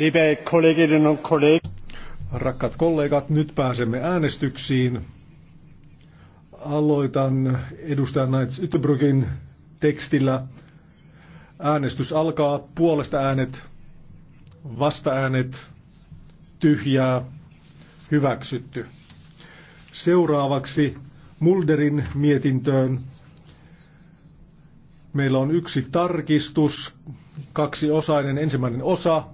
Liebe Kolleginnen und Kollegen. Rakkaat kollegat, nyt pääsemme äänestyksiin. Aloitan edustaja Naits Ytterbrygin tekstillä. Äänestys alkaa. Puolesta äänet, vasta äänet, tyhjää, hyväksytty. Seuraavaksi Mulderin mietintöön. Meillä on yksi tarkistus, kaksi osainen, ensimmäinen osa.